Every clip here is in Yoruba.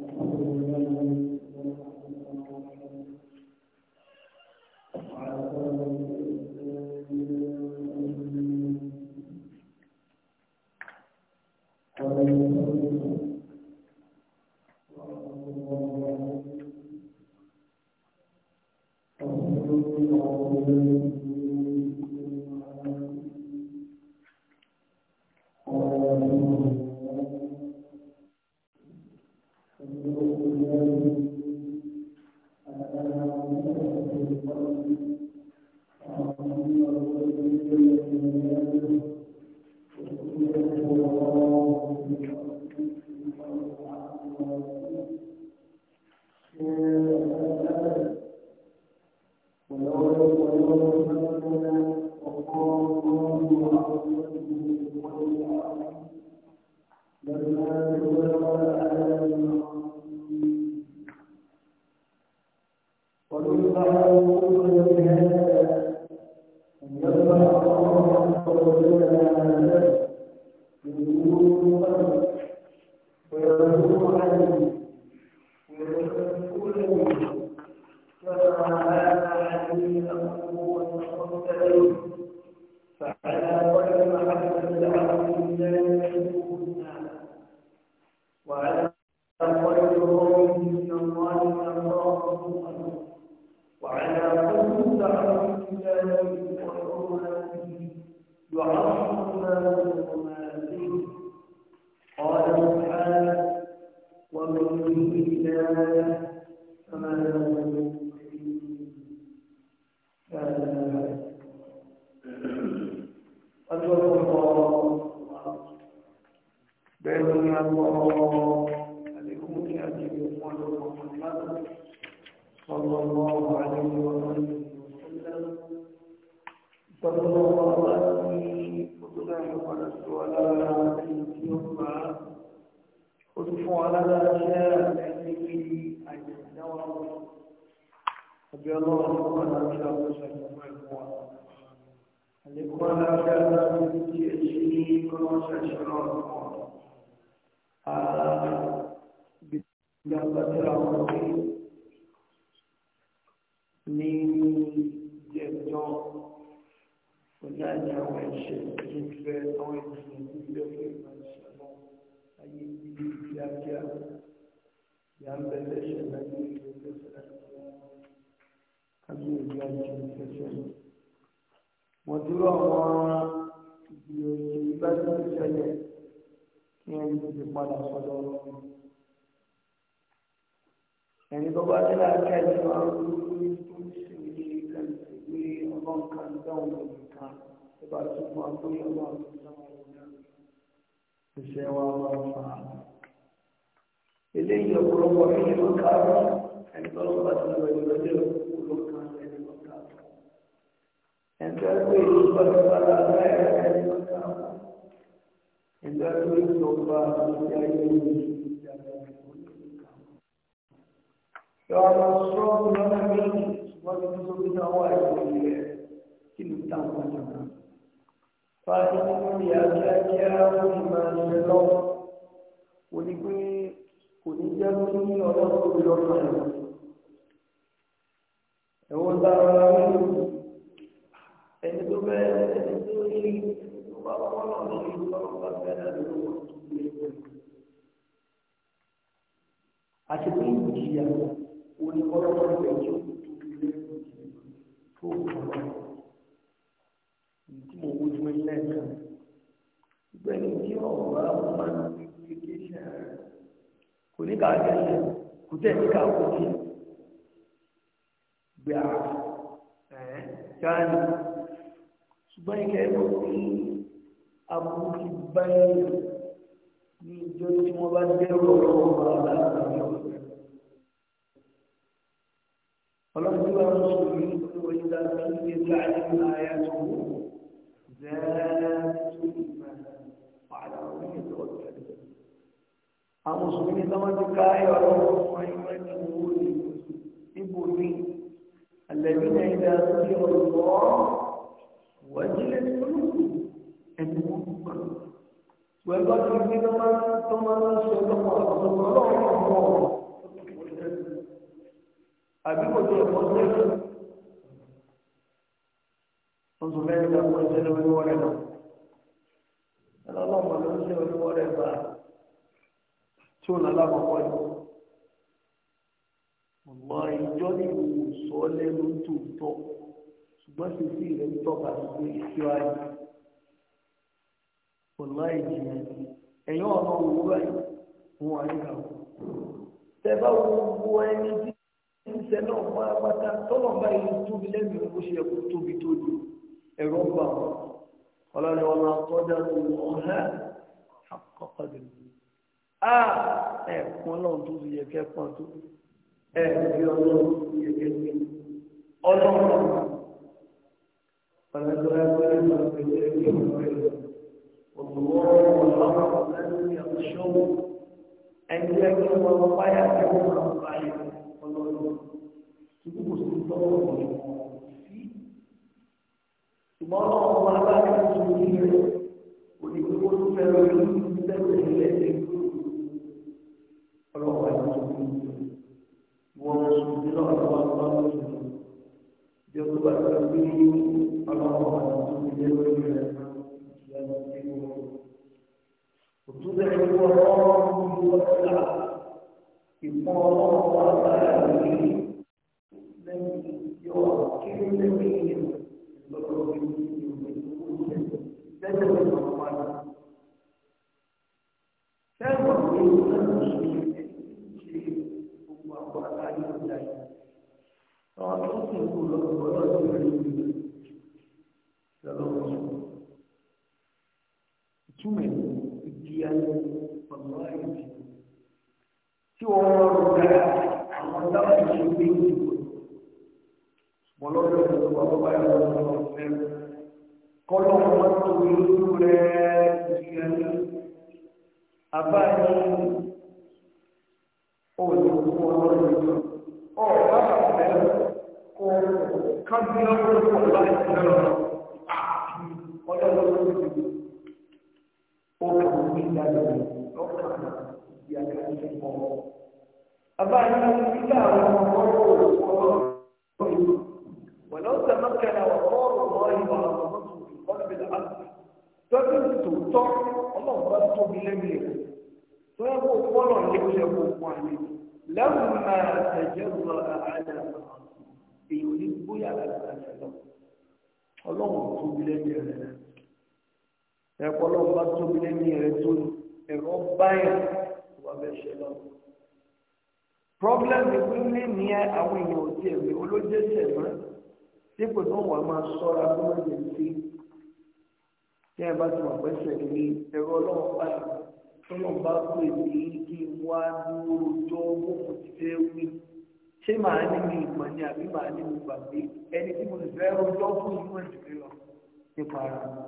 Thank you. Yan bende şeyler yürütürseler. Kadir yüzler yürütürseler. Mọ̀dúrà wọn ìgbìyànjú ìgbà tó ń ṣẹlẹ̀ kí wọ́n yóò fi padà sọ́dọ̀ ọlọ́run. Ẹni tó bá ní láti ẹ̀jẹ̀ máa ń rú ní tó ń ṣe ní ìkan ìgbé ọlọ́run kan dáhùn lórí tó bá tún máa ń bóyá ọlọ́run tó ń wa máa fà á eléyìí ọ̀pọ̀lọpọ̀ ẹ̀yìn ló káàárọ̀ ẹni tó lọ́wọ́ àti ìwé ìgbẹ́jọ́ ló kàn ẹni ló káàárọ̀. ẹ̀ńtọ́ ẹgbẹ́ ìlú pàṣípàlà láìra ẹni ló káàárọ̀. ẹ̀ńtọ́ ẹgbẹ́ ìjọba àti ayé ìlú ìjàmbá ìlú káàárọ̀. yọ̀ọ̀nà sọ́ọ̀bù lọ́nà méjì ṣùgbọ́n ní tó tóbi náà wà ìwé rẹ̀ kí ló tà wọ́n jọ̀ọ́. fàájì nínú ìyá kíákíá ó ti máa ń ṣe lọ́wọ́ jẹ́ kí ọlọ́run tó lọ fà yìí ẹ̀wọ́n ta ara nínú ẹni tó fẹ́ ẹni tó ní tó bá wọ́n náà lọ sí ọlọ́run bá fẹ́ náà ló wọ́n tó lé wọn. àṣepé ìjìyà oníkọ́lọ́wọ́ ìgbẹ́ni tí ọ̀rọ̀ bá wọ́n ní kàákẹ́ ṣe kò tẹ̀ ní kàákó kí gbé ara ẹ̀ káàní ṣùgbọ́n ìkẹ́ ẹ̀kọ́ tí aburú ti bá ẹ̀yẹ ní ìjọ tí wọ́n bá dẹ́rù ọ̀rọ̀ ọ̀rọ̀ aláàbàbí ọ̀rọ̀ ọlọ́run tí wọ́n sọ̀rọ̀ yìí ló wọlé dáadáa ní ilé ayé ní ayé àtúwò zẹ́ẹ́ àwọn mùsùlùmí ní sọ́wọ́n ti ká ẹ̀rọ ọmọ ìwé ní owó ní ibò ní àlẹ́bí náà ìdá sí ọ̀rọ̀ wọ́jílẹ̀ olùkù ẹni wọn gbà. Wẹ́gbọ́ tí wọ́n fi tó máa ń tó máa ń ṣe ọlọ́pàá ọ̀dọ́gbọ́n ọlọ́run ọ̀pọ̀ ọ̀rọ̀. Àbí kò ẹ̀kọ́ sẹ́yìn. Wọ́n sọ fẹ́ẹ́ ní ká kó ẹsẹ̀ lórí tí ò lálá máa wáyé ọmọ ìjọ ní ìwò sọ lẹ́nu tòótọ́ ṣùgbọ́n sì sí ìrẹ́ tọ́ka sí pé kí wá ìjìnlẹ̀ ẹ̀yàn ọ̀nà òwò báyìí wọn wà níkà tẹ bá wo gbogbo ẹni tí náà fún apáta tọ́nà báyìí tóbi lẹ́nu ṣe tóbi tó di ẹ̀rọ gbà wọn ọlọ́ni ló wọ́n hẹ́ àkọ́kọ́ a ẹ̀kún ọlọ́run tó ti yẹ kẹ́kọ̀ọ́ tó ẹ̀kún ọlọ́run tó ti yẹ kẹ́kọ̀ọ́ ọlọ́run ọ̀nà tó ẹgbẹ́ ẹgbẹ́ ẹgbẹ́ ẹgbẹ́ ẹgbẹ́ òṣùwọ́ ọlọ́run lẹ́nu ìyàwó ẹni ẹgbẹ́ ọmọ báyà tí wọ́n máa ń bá yẹ ọlọ́run ṣùgbọ́n kò sí tọ́wọ́ ọ̀rọ̀ ṣùgbọ́n ọlọ́run wọn aláàbẹ̀ tó ń yẹ onígbẹ́wọ́ tó fẹ́ràn ìlú tẹ́lẹ̀ wọ́n mùsùlùmí náà lọ́wọ́ lọ́wọ́ lọ́wọ́ lọ́wọ́ bí wọ́n kó pọ̀ lọ́wọ́ ẹ̀sìn náà lọ. ọjọ́ ló ló ti di ó kà ó ní ìdájọ́ rẹ̀ lọ́kàn ìdí àgbáyé ti pọ̀. bàbá yìí nígbà àwọn ọmọ ọ̀rọ̀ ọ̀rọ̀ ولو تمكن وقار الله وعظمته في قلب العبد تجد تؤتى الله ربته بلمله فيقول قال لك يا ابو لما تجرأ على bóyá lágbára ṣẹlẹ̀ ọlọ́run tóbi lẹ́mí rẹ̀ ẹ̀pọ̀ ọlọ́run bá tóbi lẹ́mí rẹ̀ tó ẹ̀rọ báyà tó bá fẹ́ ṣẹlẹ̀ problem ìpínlẹ̀ ní àwọn èèyàn òtí ẹ̀mí olójẹ́ sẹ̀mọ́ dípò tó wà máa sọ́ra tó sí tí ẹ bá ti wà pẹ́sẹ̀ ní ẹ̀rọ ọlọ́run tó lọ́n bá pè ní kí wá dúró ṣé màá ní mi ìmọ̀ ni àbí màá ní mi gbàgbé ẹni tí mo lè fẹ́ rojọ́ fún ìmọ̀ ìdílé lọ nípa ara mi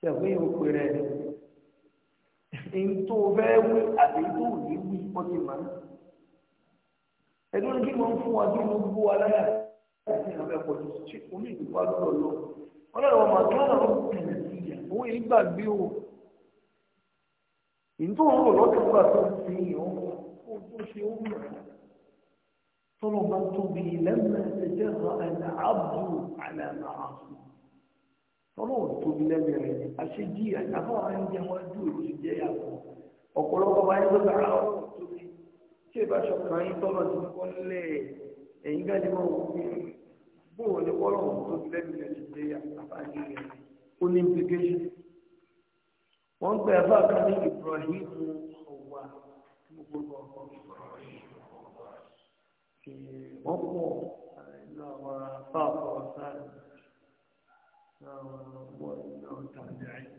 ṣẹ̀fún yìí ó pè rẹ̀ ní tó fẹ́ wí àbí tó ní wí ó ti mà á ẹni wọn kí wọn fún wa kí wọn gbó wa láyà ẹni àwọn ẹ̀kọ́ tó ṣe omi ìdúpá lọ́dọ̀ lọ wọn lọ́dọ̀ wọn màá kí wọn lọ́dọ̀ sí ìyà owó yìí o ìtòhùn gbà tó ń fi ìyàn ó tó طلبت بي لما تجرأ العبد على معاصي طلبت بي لما أشجيع نفر عن جهود وشجيع ọ̀pọ̀lọpọ̀ bá yẹn gbẹgbẹ ara ọ̀rọ̀ tóbi tí ìbá ṣọkan yín tọrọ sí kọlẹ ẹyin gbẹdẹ mọ òfin bóun ni kọlọ ọ̀rọ̀ tóbi lẹbi rẹ ti dé àbáyé rẹ ó ní implication wọn gbẹ ẹfọ kan ní Ibrahim ọwà gbogbo ọkọ Ibrahim kì wọ́n pọ̀ nínú àwọn apáàpọ̀ sáà nínú àwọn ọmọ ìlú tàbí àyè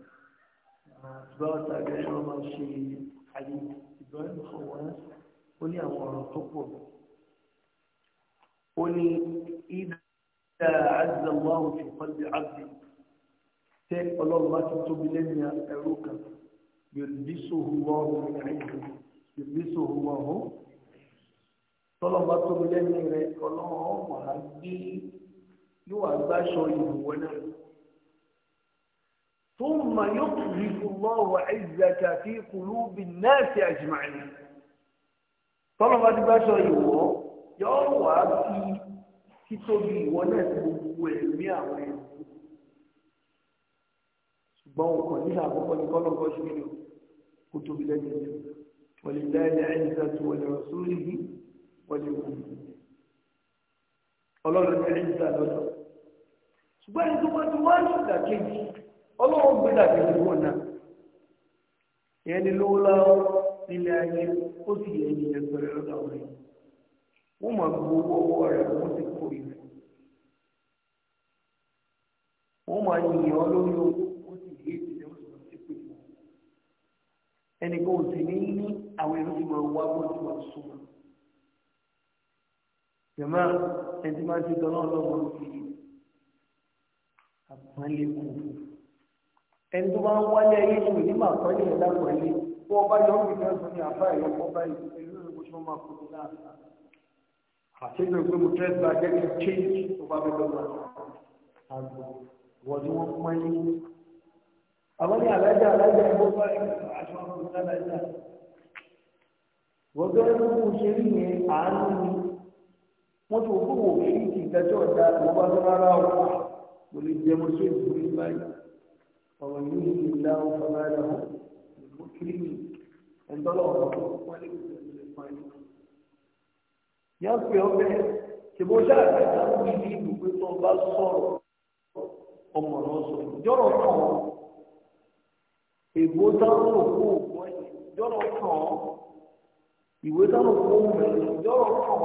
àtúbáwọ̀ tàbí àyè wọ́n máa ṣe àyè ìbọn ìfọwọ́n ó ní àwọn ọ̀rọ̀ tó pọ̀ ó ní ìdá àzàmọ́ àwọn òṣùpọ̀ ní àbí tẹ ọlọ́run bá ti tóbi lẹ́yìn ẹ̀rú kan yòlùbí sòhùwọ́ ọ̀hún ẹ̀rú kan yòlùbí sòhùwọ́ ọ̀hún tọ́lọ́mọ tó mi lẹ́nu rẹ ọlọ́run ọmọ á yóò wá ìwọ náà. ثم يطلق الله عزك في قلوب الناس أجمعين tọ́lọ́mọ ti gbáṣọ ìwọ yóò wá fi títóbi ìwọ náà ti gbogbo ẹ̀mí àwọn ẹ̀mí. ṣùgbọ́n òkàn nílà àkọ́kọ́ ni kọ́lọ́kọ́ ṣe kí ni kó tóbi lẹ́nu rẹ. ولله العزة ولرسوله wọ́n lè kú ọlọ́run ní ẹni gbà lọ́dọ̀ ṣùgbọ́n ẹni tó bá ti wá ṣùgbà kejì ọlọ́run gbé dàbí ìwọ náà ìyẹn ni lówó lọ́wọ́ nílé ayé ó sì yẹ ẹni yẹn pẹ̀lú lọ́dọ̀ àwọn ẹ̀yìn wọ́n máa gbowó ọwọ́ rẹ̀ wọ́n ti kó ìrẹ̀ wọ́n máa yìn ọ́ lórí ó sì yé ìdílé wọn sí pé ẹnì kan ò sì ní ní àwọn ẹ̀rọ ti máa wá bọ́ọ̀lù àsùnwọ̀n jọ̀mọ́ ẹni tí máa ń ṣe tọ́lọ́ lọ́wọ́ fi àpọ́nlé kù ẹni tó bá ń wálé ayé ní òní máa kọ́ ní ẹ̀dá pẹ̀lú bó ọba yọ ọ́n fìdí ọ̀sán ní àbá ẹ̀yọ́ kọ́ báyìí pẹ̀lú ìrìnkò tí wọ́n máa kó láàbà àti ìgbà pé mo tẹ́lẹ̀ bá jẹ́ kí n change tó bá bẹ́ẹ̀ lọ́wọ́ àgbò wọ́n ni wọ́n pọ́n yín àwọn ní alájà alájà ìbò bá aṣọ àkùnrin alájà wọ́n bẹ́ẹ̀ mú un ṣe rí yẹn àánú ni wọ́n ti wò fún wò fún ìdí ìdájọ́ ọ̀dà àwọn bá tó rárá o kò lè jẹ mọ́ sí ìdúró ní báyìí ọ̀rọ̀ yìí ní ìlà ọ̀fọ̀ máa lọ ìlú kírìmì ẹ̀ńdọ́lọ̀ ọ̀rọ̀ wọn lè kúrò ní ẹ̀fọ́ ẹ̀. yá pé ọbẹ̀ ṣèbọ̀ ṣáà ń bí ní ibùgbé tó ń bá sọ̀rọ̀ ọmọ náà sọ̀rọ̀ jọ̀rọ̀ kàn èbó táwọn òkú òkú ẹ̀ jọ̀rọ̀ kàn ìwé táwọn òkú òkú ẹ̀ jọ̀rọ̀ kàn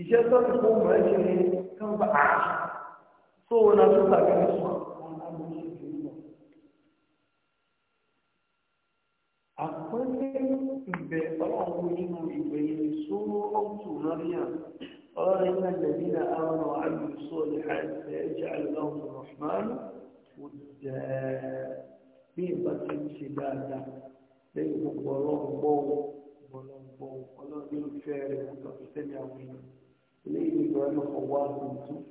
iṣẹ́ sọ́ọ̀tì fún ọmọ ẹ̀ ṣe ní kánfà àṣà tó wọn náà tó tàbí ní sùn àwọn àmọ́ ṣe fi ń lọ. àpẹẹrẹ ìbẹ̀ ọlọ́run nínú ìgbẹ̀yìn sóró ọ̀tún náà yà ọlọ́run náà lẹ́bí náà àwọn ọmọ àyè sọ́ọ̀lì àìsẹ̀ ẹ̀jẹ̀ àlùbáwọ̀ rọ̀hmán òdìdẹ́ bí ìbá ti ń ṣe dáadáa lẹ́yìn gbogbo ọlọ́run gbọ́ ọlọ́run gbọ́ ọlọ́run ní ìfẹ́ rẹ̀ mọ́tò àti tẹ́lẹ̀ àwọn ènìyàn. إليه إبراهيم خوار بن سوء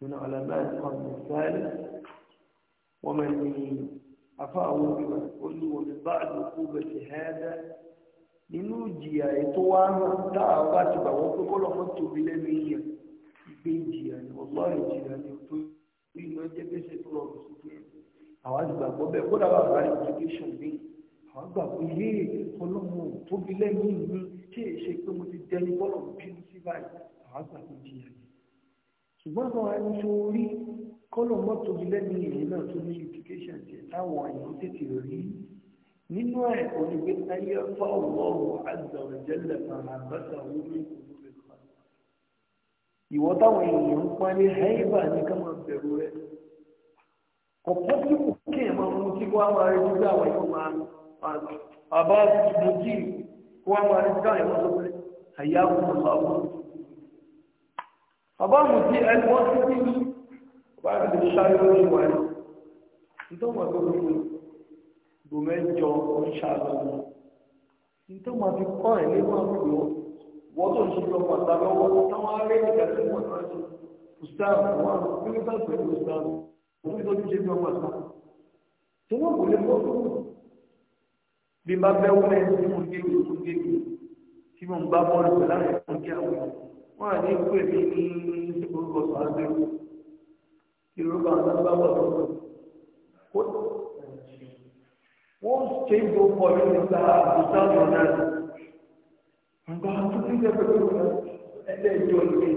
من علماء القرن الثالث ومن أفاه بما يقول ومن بعد عقوبة هذا nínú ìjìyà ètò wa hàn tá a bá ti bà wọ́n pé kọ́ lọ́mọ tóbi lẹ́nu yíyan gbé ìjìyà ni ọlọ́ ìjìyà ni tó rí iná jẹ́ gbèsè tó lọ sí pé àwa ti gbàgbọ́ bẹ́ẹ̀ kódà wà bá education ní àwa gbà pé yé ọlọ́mọ tóbi lẹ́nu yìí ní kí èsè pé mo ti dẹni bọ́lọ̀ bínú sí báyìí àásà tó jìyà ni ṣùgbọ́n àwọn ẹni tó rí kọ́lọ̀ mọ́tò lẹ́nu ìyẹn náà tó ní implication tiẹ̀ táwọn èèyàn tètè rí nínú ẹ̀ onígbé ayé fọ́ ọ̀rọ̀ azza wa jalla àbáṣà orí ìkòlóbẹ̀ kan ìwọ táwọn èèyàn ń pálí hẹ́ẹ́bà ní ká máa bẹ̀rù rẹ ọ̀pọ̀ tí kò kí ẹ̀ máa mú kí wọ́n á máa rí nígbà àwọn èèyàn máa bàbá mo jì kó wọ́n á máa rí nígbà àwọn èèyàn bàbá mi ti ẹni wọ́n ti bí mi bàbá mi ti ṣáyé lórí wa ni nítorí wọn tó fi gbòmẹ́jọ oníṣàlọ́ wọn nítorí wọn ti kọ́ ẹ̀ ní wọn pè wọ́n wọ́n tó ń ṣe lọ́wọ́ àtàlọ́wọ́ táwọn alẹ́ nígbà tí wọ́n náà ṣe ustaz wọn kí ló bá pẹ̀lú ustaz wọn kí ló ti ṣe lọ́wọ́ àtà tí wọ́n kò lè fọ́ fún un bí n bá fẹ́ wọ́n ẹ̀ tí mo ń gé tí mo ń gé tí mo ń bá bọ́ọ̀lù pẹ̀lú àwọn ẹ̀kọ́ wọn à ní pè mí ní orúkọ sàádé ìrọ̀bà àdábàbà lọ́wọ́ wọ́n ṣe ń bọ̀ pọ̀ ní ìta àbúta lọ́nà nígbà tó ní ìjẹ́ pẹ̀lú ẹgbẹ́ ìjọ ìgbé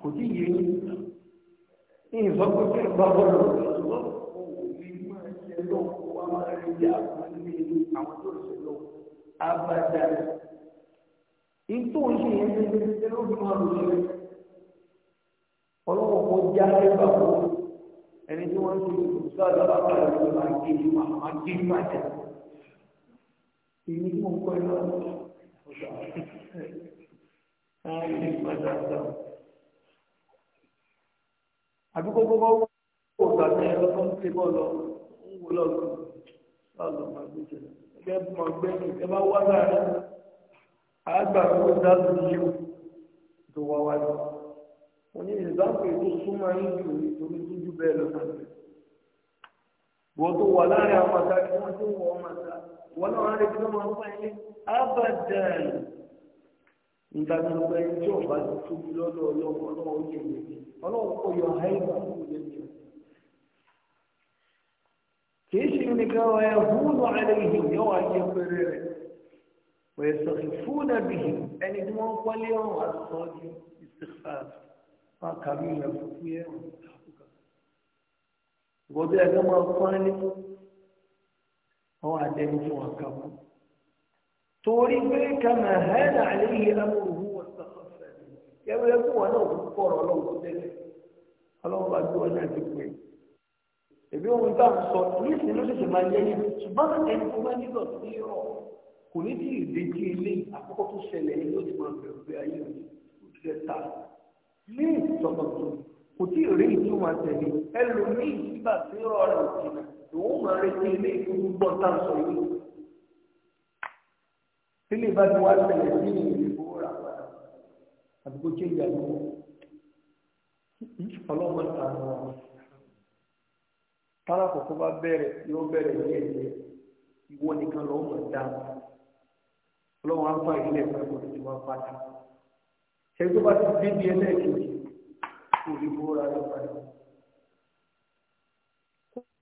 kò tí yé ní ìsọkúnṣe ìgbà bọ́ọ̀lù ṣùgbọ́n òun ní máa ṣe lọ́wọ́ wọn máa rí ìyá àwọn ilé àwọn tó ṣe lọ́wọ́ ìtò ìṣe yẹn ti ti ti ló fi máa lò ṣe ọlọ́wọ́ kó já ẹgbà kó ẹni tí wọ́n ti sọ àdàbà kàlẹ́ ló máa gé ní máa máa gé ní máa jẹ èmi tí mo ń kọ́ ẹ lọ́wọ́ ọ̀sà ẹ̀ ẹ̀ máa dáadáa àbí kókó bá wọ́n kó gbàgbé ẹ lọ́kọ́ ń ṣe bọ́ọ̀lù ń wò lọ́ọ̀lù lọ́ọ̀lù máa gbé jẹ ẹgbẹ́ máa gbẹ́yìn ẹ bá wá láàárín. àgbà owó dáàbò yíò tó wá wá lọ mo ní ìzáàpù ètò súnmọ́ yín jù dúdú bẹ́ẹ̀ lọ sàbẹ̀ wọ́n tó wà láàrin àwọn kí wọ́n tó wọ̀ wọ́n náà abadan lọ́dọ̀ ó yẹ kò yọ yẹ kì í ṣe nìkan ẹ̀ ìhìn ويستخفون به يعني دمون قليل والصوت استخفاف ما كبير فيه gbogbo ẹgbẹ́ máa pọn ní àwọn àdẹni tí wọn kà mọ torí pé kàmá hẹ́nà àléyé amúhù wọn sọ̀rọ̀ fẹ́ẹ́ kẹwẹ́ kó wọn náà kó kọ̀rọ̀ ọlọ́run tó tẹ́lẹ̀ ọlọ́run bá gbé wọn náà ti pè é èmi òun bá ń sọ nísìnyí ló ṣẹ̀ṣẹ̀ máa yẹ yín ṣùgbọ́n ẹni tó bá nígbà tó yẹ ọ́ kò ní tí ìdíjí ilé àkọ́kọ́ tó ṣẹlẹ̀ ní ló ti máa bẹ̀rù pé ayé mi kò ti fẹ́ ta ní ìtọ́tọ̀tọ̀ kò tí ì rí ìtú máa tẹ̀lé ẹlòmíì nígbà tí rọ rẹ̀ jìnnà òun máa retí ilé ìfúnni gbọ́ tá a sọ yìí. tílé bá ti wá ṣẹlẹ̀ sí ìlú ìfowórà padà àdúgbò tí ìyá ló ọlọ́mọ ta ni wọn. tálákọ̀ọ́kọ́ bá bẹ̀rẹ̀ yóò bẹ̀rẹ̀ ní ọlọ́run á fà ilé ẹ̀fọ́ ẹ̀kọ́ tuntun wá padà ṣe tó bá ti débi ẹlẹ́ẹ̀kejì kò lè bó ra lọ́pàá rẹ̀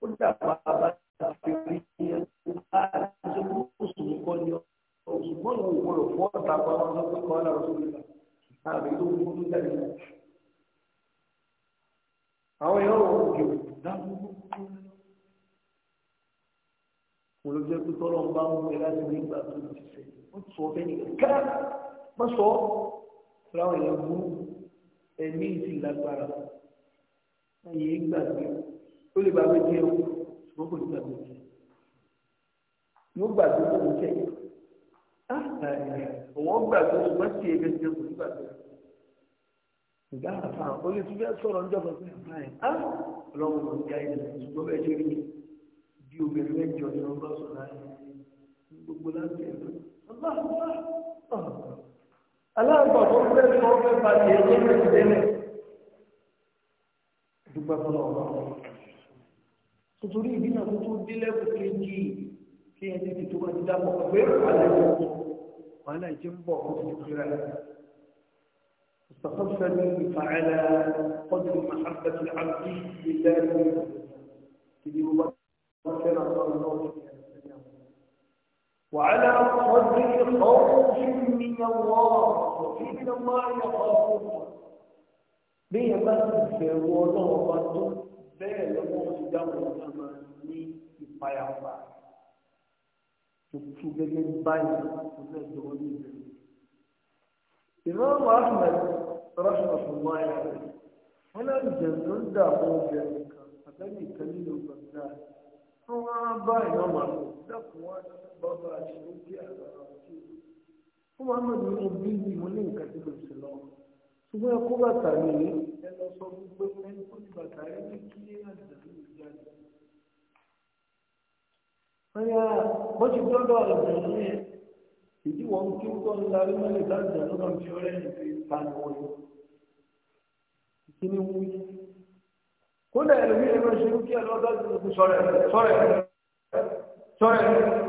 ó dàgbà bá ti rí ìyẹn tó bá ti kó oṣù nìkan ni ṣùgbọ́n ìwọ ìwọlọ̀ fún ọ̀tá pa wọn lọ pé kọ́ lára tó nípa àbí tó kú tó jáde lọ. àwọn èèyàn ò jò dáhùn mo ló jẹ́ pé tọ́lọ́ ń bá mú mi láti nígbà tó sọ ọbẹ̀ nìkan ká má sọ láwọn èèyàn mú ẹ̀mí ìsìn lágbára ayé gbàgbé ó lè bá wẹ́ díẹ̀ o ṣùgbọ́n kò ní gbàgbé jẹ yóò gbàgbé tó ń jẹ òun gbàgbé ṣùgbọ́n tí ebi ti kò ní gbàgbé ìgbà àfa olè tí wọ́n sọ̀rọ̀ níjọ́ fún àfa yẹn á ọlọ́run ló ń jẹ́ ayé ṣùgbọ́n bẹ́ẹ̀ ṣe rí bí obìnrin mẹ́jọ ni wọ́n bá sọ̀rọ̀ ayé gbogbo láti ẹ̀ aláǹgbà tó fẹ́ sọ fẹ́ bá ti ẹjẹ́ mẹ́rin délẹ̀ dúpẹ́ fọlọ́ ọ̀rọ̀ tuntun ìbí náà tó délẹ̀ kò kéjì kí ẹni tí tó wá ti dábọ̀ pé àlejò wàhálà ìjì ń bọ̀ ó ti fi ra استخلفني فعلى قدر محبة العبد لله تجيب مغفرة الله وعلى صدر خوف من الله وفي من الله يخافون bí ẹ bá ti bẹ̀rù ọlọ́run bá tó bẹ́ẹ̀ lọ́wọ́ ti dáhùn ọ̀gá máa ní ìpayàpá tuntun gẹ́gẹ́ báyìí kò náà jọ wọ́n ní ìbẹ̀rù. ìmọ̀ràn ahmed rọ́ṣọ̀ṣọ̀mọ́ ayà rẹ̀ wọ́n náà jẹ̀ ló ń dààmú obìnrin kan àtẹ́lẹ̀ ìkànnì ló gbàgbà wọ́n wá bá ìmọ̀ràn àgbẹ̀ dákun wá sí bọ́tọ̀ àṣírí kí àlọ́rọ̀ sí i. fún muhammed ní ẹbí yìí mo ní nǹkan tí mo sì lọ ṣùgbọ́n ẹkú bàtà mi ní ẹ lọ sọ gbogbo ẹni tó ti bàtà rẹ ní kí àjẹ̀dú mi jáde. wọ́n yá bó ti dọ́dọ̀ àjẹ̀dú yẹn ìdí wọn kí ń tọ́ ń darí mọ́lẹ̀ dáadáa ló máa ń fi ọ̀rẹ́ ìfẹ́ ìpanu wọn. ìkíní wúyí kódà ẹ̀rọ mi ẹ̀rọ ṣe rúkìá lọ́dọ̀ sọ̀rẹ̀ sọ̀rẹ̀ sọ̀rẹ̀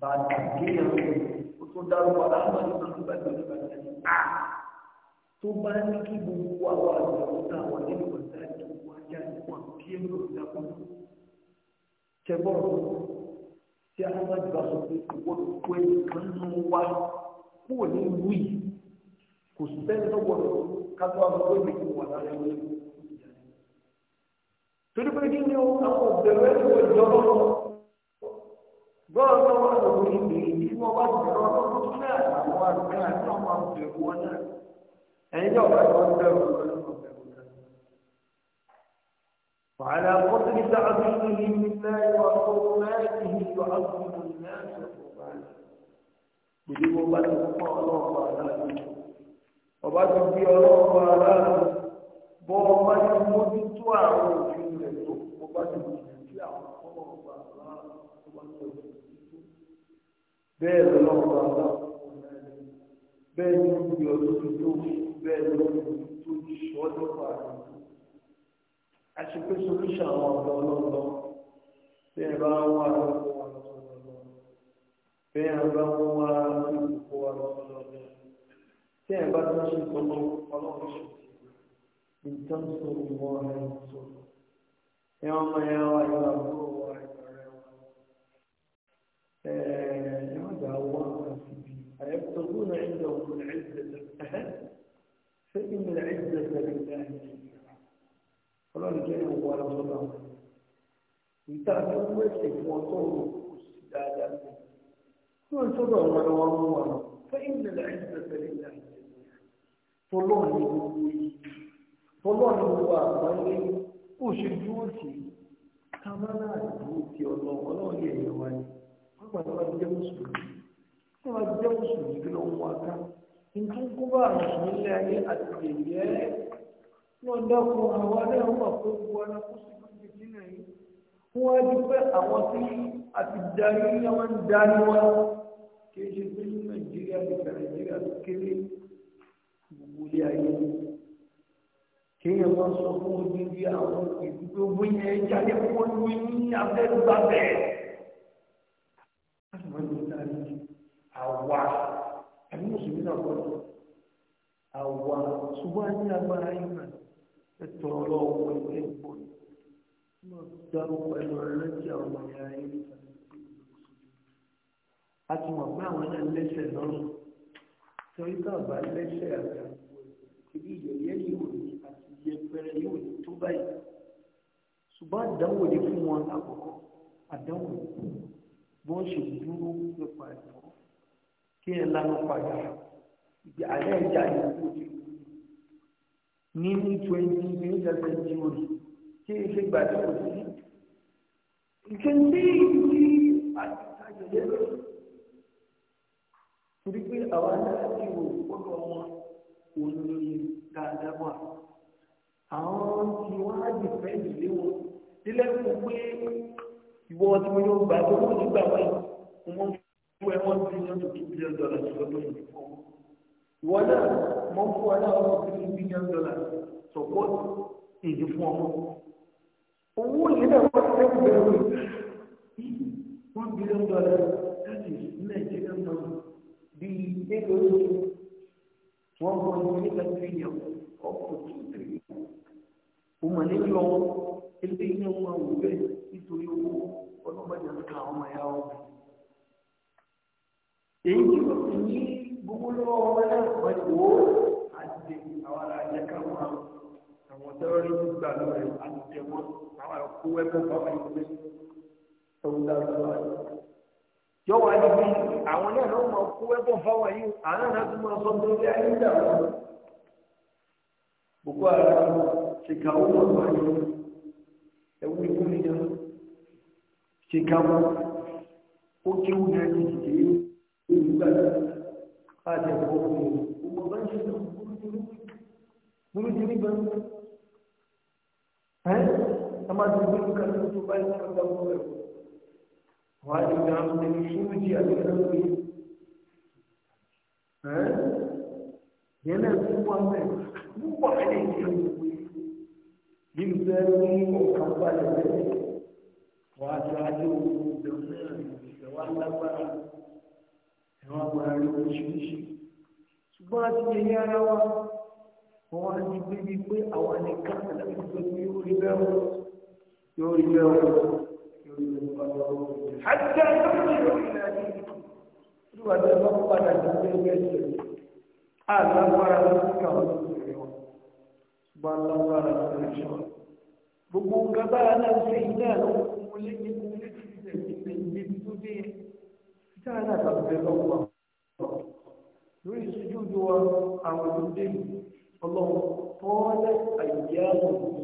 bàtà kéèyàn ó tún dárúkọ aláwọ̀ nípa nípa nípa nípa nípa tó bá ní kí gbogbo àwọn àgbẹ̀wò tá àwọn nínú ọ̀dà ìdókòwò ajá nípa kí ẹ lọ dákú tẹ́gbọ́rọ̀ tí aláwọ̀ bá sọ pé ìwọ́dọ̀ kó ẹ kan nù wá kúrò ní ìlú yìí kò sí sẹ́ni tó gbọdọ̀ kátó àwọn tó lè wà lára ẹni torí pé kí ni àwọn ọ̀bẹ̀rẹ̀ ẹ̀rọ bọ́ọ̀lù wà lórí ìgbè tí wọ́n bá ti rọ ọdún náà àwọn àgbà àti àwọn àbẹ̀wò wọn náà ẹni tí ọ̀gá ìwọ́n bẹ̀rù وعلى قدر تعظيمه لله وحرماته يعظم الناس قربانه بدون وبعد الله تعالى وبعد في الله تعالى بوما يموت توعه في الله وبعد في الله تعالى bẹ́ẹ̀ lọ́wọ́ bàbá bẹ́ẹ̀ ni ó fi ọdún tuntun bẹ́ẹ̀ ló ń tó ṣọ́ nípa rẹ̀ àṣepé solúṣà àwọn ọ̀dọ́ ọlọ́dọ́ bẹ́ẹ̀ bá ń wá lọ́wọ́ wa lọ́sọ̀lọ́dọ́ bẹ́ẹ̀ bá ń wá lọ́wọ́ wa lọ́sọ̀lọ́dọ́ bẹ́ẹ̀ bá tó ṣe tọ́lọ́ ọlọ́run ṣe nǹkan sọ̀rọ̀ mọ́ sọ̀rọ̀ ẹ̀ ọmọ ẹ̀ wá ìlànà لماذا الله أيبتغون عندهم العزة فإن العزة لله Ọlọ́run jẹ́ ìwọ̀n ọ̀la sọ́dọ̀ àwọn ìta tó ń wẹ̀sẹ̀ fún ọ tó rò kò sí dáadáa sí. Wọ́n sọ́dọ̀ àwọn ọ̀la wọn wà lọ. Fẹ́yìn ní ẹ̀ẹ́dẹ̀ tẹ̀lé ìlà ìjẹ̀bù. Tọ́lọ́ọ̀ ni gbogbo yìí. Tọ́lọ́ọ̀ ni gbogbo àgbáyé kò ṣe dúró sí. Ká má náà dúró sí ọlọ́run ọlọ́run yẹ̀ yẹ̀ wá ni pẹ̀lú ọjọ́ mùsùlùmí tí wọ́n jẹ́ mùsùlùmí kí ló ń wá ká nǹkan kó bá àwọn mùsùlùmí lé ayé àti èyẹ wọn ti di pé àwọn tí àti darí ní wọn ń darí wọn kì í ṣe pé ní nàìjíríà nìkan nàìjíríà tó kéré gbogbo ilé ayé kéèyàn máa sọ fún ojú bí àwọn ìdúgbò bóyá ẹja lè pọ́n lóyún abẹ́rù bá àwa àbí mùsùlùmí náà kọ́ àwa ṣùgbọ́n a ní agbára yìí mà ẹ tọrọ lọ́wọ́ ẹ gbọ́ náà dárúkọ ẹ lọ́ọ́ lẹ́tí àwọn ọmọ ìyá yìí nípa a ti mọ̀ pé àwọn náà lẹ́sẹ̀ lọ́rùn torí tá a bá lẹ́sẹ̀ àti ìdí ìyẹ̀yẹ́ yóò ní àti ìyẹpẹrẹ yóò ní tó báyìí ṣùgbọ́n àdánwò ní fún wọn àkọ́kọ́ àdánwò bí wọ́n ṣe dúró nípa ẹ̀kọ́ kí ẹ lanu padà ìgbà alẹ́ ìjà ìlú ní ní twenty minutes and twenty one kí ẹ ṣe gbà tí kò sí. ìkẹ́ńtì ìdí àtàjẹ̀dẹ̀ torí pé àwa náà ti wò gbọ́dọ̀ wọn òun dáadáa àwọn tí wọ́n á dì fẹ́ ìdílé wọn ilé fún pé ìwọ tí mo yóò gbà tó wọ́n ti gbà wáyé mo mọ̀ where one billion to two billion dollars lọ́dún yìí fún un. ìwọ náà mọ fún ọ náà wọn fi two billion dollars support èyí fún ọmọ. owó yìí náà wọ́n ti dẹ́kun bẹ́ẹ̀ wọ́n one billion dollars that is Nigerian money bí ẹgbẹ́ oṣù one point three trillion up to two trillion. òmò nílò ọmọ eléyìí náà wọn wò bẹ́ẹ̀ nítorí owó ọlọ́mọdé àti àwọn ọmọ ẹ̀yà ọ̀gbìn èyí tí ó sì ní gbogbo lọ́wọ́ wọn náà wọ́n ti wò ó àti àwọn àjẹ káwọn àwọn tẹ́rọ́rì gbà lórí àtúntẹ̀ wọn àwọn àkó ẹ̀kọ́ bàbá yìí pé ẹ̀wù dáadáa wà ní. yọ̀wọ̀ ẹni bí àwọn náà ló máa kó ẹ̀kọ́ fáwọn yìí àwọn náà tún máa sọ pé ó yẹ ayé dà wọ́n. Boko ṣèkà ó kéwù ada hukum umur banyak tu guru dulu guru dulu bang eh sama dulu kan tu baik pada umur wajib dalam diri suci ada lagi eh dia nak buat apa buat ini Bimzani kau wajib ada dalam diri kawan lawan àwọn àgbàrá ló oríṣiríṣi ṣùgbọ́n a ti lè yí ara wa wọ́n wá ní bíbí pé àwọn nìkan àti ìgbẹ́ tí yóò rí bẹ́ẹ̀ wọ́n yóò rí bẹ́ẹ̀ wọ́n yóò rí bẹ́ẹ̀ wọ́n yóò rí bẹ́ẹ̀ wọ́n. àti ẹgbẹ́ mi yóò rí bẹ́ẹ̀ ní ìlú àti ẹgbẹ́ wọn padà ní ilé ẹgbẹ́ ìṣẹ̀lẹ̀ àlágbára ló ń kà wọ́n sí ìrìn wọn ṣùgbọ́n alágbára ló ń ṣe wọn. gbogbo nǹkan bára náà ṣe ilé àlọ́ kúnlé ní títí àdá àtàkùnfẹ́ lọ́wọ́ lórí ìṣojú ojú wa àwọn olùdé ọlọ́run tọ́lẹ̀ àyíká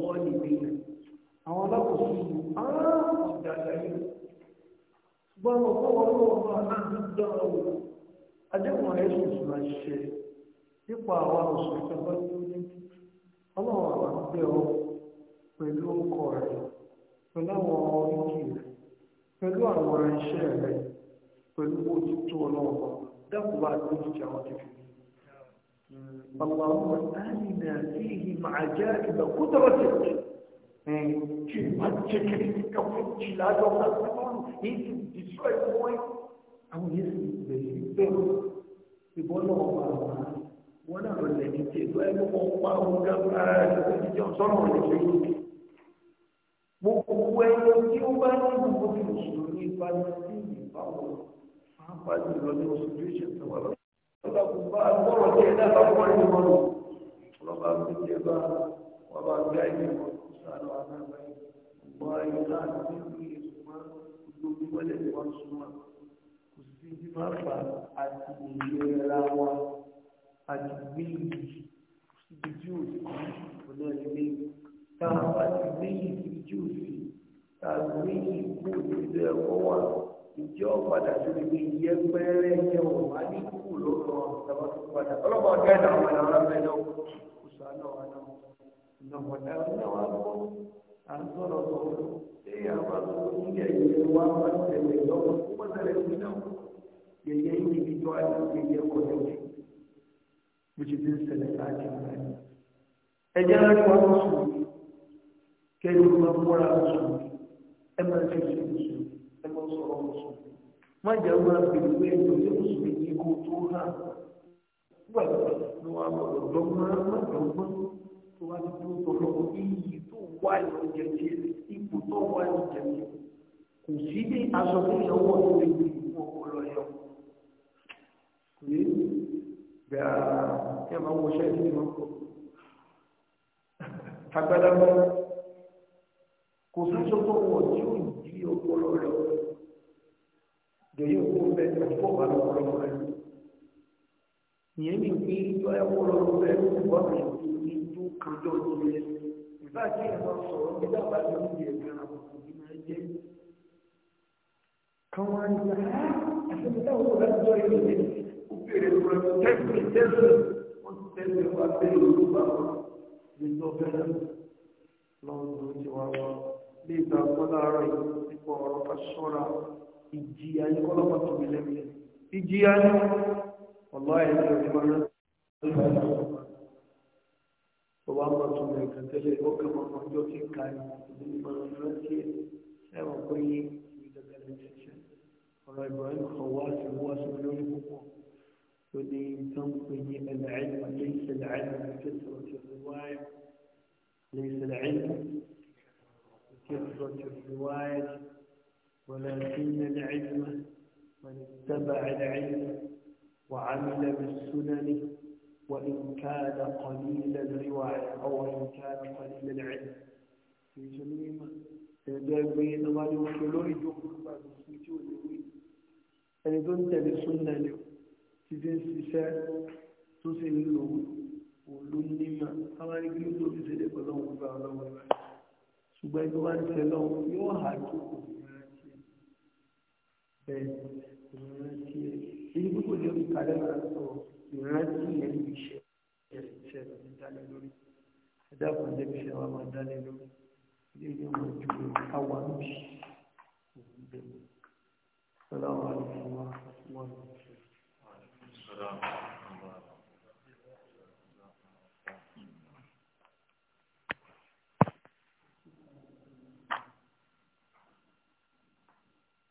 wọn ní ìwé àwọn alákòóso ìlú àwọn ìdàgbàyé ṣùgbọ́n àwọn ọkọ̀ wọn lọ́wọ́ bá náà dára wò adéhùn ẹ̀sùn sì máa ṣiṣẹ́ nípa àwọn àwòsàn ìjọba tó rẹ̀ pẹ̀lú àwọn oríkì rẹ̀ rẹ̀ pẹ̀lú ojú tó ọlọ́ọ̀bọ̀ dákùbà lójú tí àwọn ti fi اللهم آمنا فيه مع جانب قدرتك tí ìwà jẹ́ kẹ́kẹ́ kẹ́kẹ́ jì lájọ́ lásìkọ́lù yìí ti dìṣọ́ ìwọ́n yìí àwọn yìí sì bẹ̀rẹ̀ bẹ̀rù ìbọn náà wà wá wọn náà lọ lẹ́ni tí ètò ẹgbẹ́ wọn pa ohun gábúrà rẹ̀ ló ti sọ́nà wọn lè ṣe yìí. gbogbo ẹni tí ó bá ní gbogbo tí mùsùlùmí bá ní sí ìbáwọ̀ pàápàá jùlọ ní oṣù tó ṣe tó wà lọ́wọ́. ọlọ́kùn bá gbọ́rọ̀ jẹ́ ẹ̀dá lọ́wọ́ ní wọn lò ọlọ́ba mi jẹ́ bá wọn bá gbé àyè wọn sálọ anáwó gbọ́ ayé láti ní ìlú ìsúnmọ́ gbogbo ìwọlé ni wọ́n súnmọ́ kò sí bí má fà àti ìlera wa àti gbígbì síbi tí ò sí ọ̀nà ilé tá a bá ti gbé yìí síbi tí ò sí tá a gbé yìí kúrò nílé ẹ̀kọ́ wa ìjọ padà síbi pé iye pẹ́ẹ́rẹ́ jẹ́ òun á ní kúkú ló lọ ìjọba tó padà ọlọ́pàá ọjọ́ ẹ̀dá ọmọ ẹ̀dá ọlọ́pàá ẹ̀dá oṣù àná wa náà ìnàmọ̀dá náà wà lọ́wọ́ à ń sọ̀rọ̀ lọ́wọ́ ṣé àwọn àtúntò nílẹ̀ yìí wá wá tẹ̀lé lọ́wọ́ kó wọ́n tẹ̀lé sí náà yẹyẹ yìí ti jọ àti yẹyẹ kọjọ bí mo ti ti ń ṣẹlẹ̀ láti ìgbà yìí ẹ̀jẹ̀ rẹ̀ wá sùn kẹ́lí máa múra sùn ẹ máa ṣe sùn sùn ẹ máa sọ̀rọ̀ sùn má jẹ́ ọgbà pèlúwé ẹ̀dùn ní mùsùlùmí ní kó tó hàn nígbà tó wà lọ́dọ̀ dọ́gbọ́n má dọ́gbọ́n tó wá ní tó tọ̀lọ̀ iyì tó wà lọ jẹjẹ ipò tó wà lọ jẹjẹ kò sí ní aṣọ tó yẹ wọ́n tó lè gbé ìwọ ọpọlọ yọ bẹ́ẹ̀ ẹ máa wọṣẹ́ ní ìwọ̀n kọ́ agbada mọ́ kò sí aṣọ tó wọ̀ tí ó di ọpọlọ rẹ̀ wọ́n jòyè owó bẹ ọ̀pọ̀ wà lọ́wọ́ rẹ̀. ìyẹn ní pé ìjọ ẹ̀kọ́ lọ́wọ́ bẹ wà ní ìlú kanjọ́ ìjọba ẹ̀. ìfẹ́ àti ẹ̀rọ sọ̀rọ̀ ní dábàá ní oúnjẹ ìgbìmọ̀ àwọn òbí máa jẹ́. kan wá ní ìgbà àtẹ̀mí táwọn ọ̀rẹ́ jọ ìlú rẹ̀ ó bèrè rẹ̀ tẹ́sí tẹ́sí wọ́n ti tẹ́sí wá bẹ́ẹ̀ lóko bá wọn lè lọ lọ́wọ́ ló ti wá wá bí ìgbà kọ́ láàárọ̀ yìí nípa ìjìyà ní kọ́lọ́pọ̀ tó mi lẹ́nu ìjìyà ní ọ̀lọ́ ẹ̀ ní ọdún mọ́ra tó wá mọ́ tó mi ẹ̀kan tẹ́lẹ̀ ó kẹ́ mọ́ ọjọ́ tí ń ka ìdí ní mọ́ra ní rántí ẹ̀wọ̀n pé yí ìdọ̀gà ní ṣẹṣẹ ọ̀rọ̀ Ibrahim kan wá sí wá sí lórí púpọ̀ tó ní tán pé ní ẹ̀lẹ́ẹ̀lẹ́ ولكن العلم من اتبع العلم وعمل بالسنن وإن كان قليل الرواية أو إن كان قليل العلم في جميع الجابين والوكلون يجب بعد السجود ẹni tó ń tẹ̀lé súnà ni ti fi ń ṣiṣẹ́ tó sì ń lò òlú nímà káwá ní kí ló tó fi ṣe lè pẹ̀lú ọ̀hún gba ọlọ́wọ́ rẹ̀ ṣùgbọ́n ẹni tó bá ń tẹ̀lé ọ̀hún yóò hà tó kò ní bẹ́ẹ̀ ìrántí ẹ̀ èyí púpọ̀ lórí kalẹ́ máa ń sọ ìrántí ẹ̀ ń ṣe ẹ̀ṣẹ̀ ní dání lórí ẹ̀dá kan jẹ́ bí ṣe wà máa dání lórí ilé yóò mọ̀ ju àwa ń òun bẹ̀rẹ̀ sọlá wà lọ́wọ́ wọn.